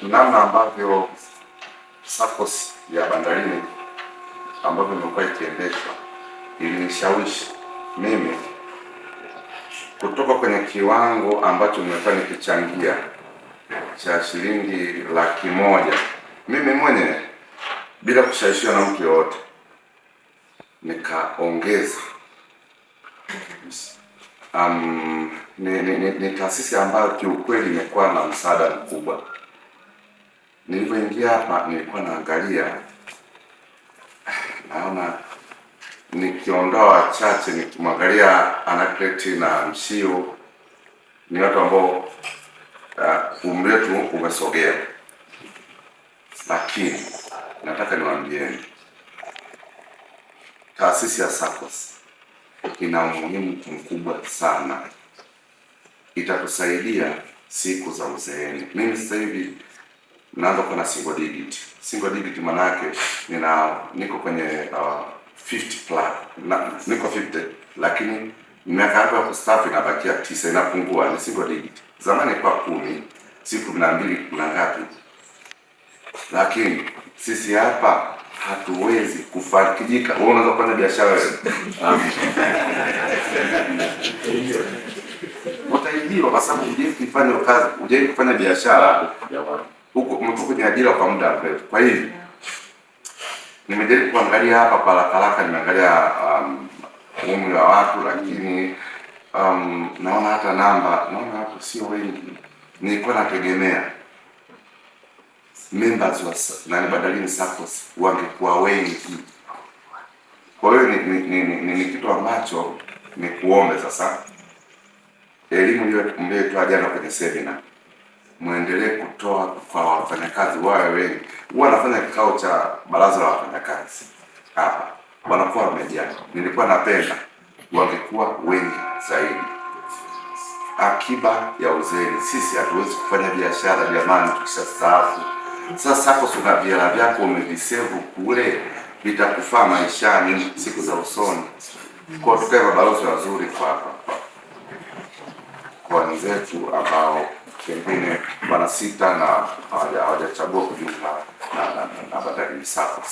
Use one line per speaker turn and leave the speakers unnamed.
namna ambavyo SACCOS ya bandarini ambavyo imekuwa ikiendeshwa ilinishawishi mimi kutoka kwenye kiwango ambacho nimekuwa nikichangia cha shilingi laki moja mimi mwenyewe bila kushawishiwa na mtu yoyote, nikaongeza um, ni, ni, ni, ni taasisi ambayo kiukweli imekuwa na msaada mkubwa. Nilivyoingia hapa nilikuwa naangalia, naona nikiondoa wachache nikimwangalia Anakreti na mshio ni watu ambao uh, umri wetu umesogea, lakini nataka niwaambieni taasisi ya SACCOS ina umuhimu mkubwa sana, itatusaidia siku za uzeeni. Mimi sasa hivi naanza kuwa na single digit. Single digit maana yake nina niko kwenye uh, 50 plus na, niko 50 lakini miaka yangu ya kustaafu inabakia tisa, inapungua, ni single digit. Zamani kwa kumi si kumi na mbili na ngapi, lakini sisi hapa hatuwezi kufarikijika. Wewe unaweza kufanya biashara wewe utaibiwa, kwa sababu hujai kufanya kazi, hujai kufanya biashara umekuwa kwenye ajira kwa muda mrefu. Kwa hiyo nimejaribu kuangalia hapa parakaraka, nimeangalia um, umri wa watu, lakini um, naona hata namba, naona watu sio wengi. Nilikuwa nategemea members wa nani SACCOS wangekuwa wengi. Kwa hiyo ni, ni, ni, ni, ni kitu ambacho ni kuombe sasa elimu iliyotoa jana kwenye seminar mwendelee kutoa kwa wafanyakazi wawe wengi. Huwa wanafanya kikao cha baraza la wafanyakazi hapa, wanakuwa wamejaa. Nilikuwa napenda wangekuwa wengi zaidi. Akiba ya uzeeni, sisi hatuwezi kufanya biashara jamani, tukishastaafu. Sasa hapo suna vyela vyako umevisevu kule, vitakufaa maishani siku za usoni. Kwa tukae mabalozi wazuri kwa hapa wenzetu ambao pengine sita na hawajachagua kujiunga na Bandari Sacco.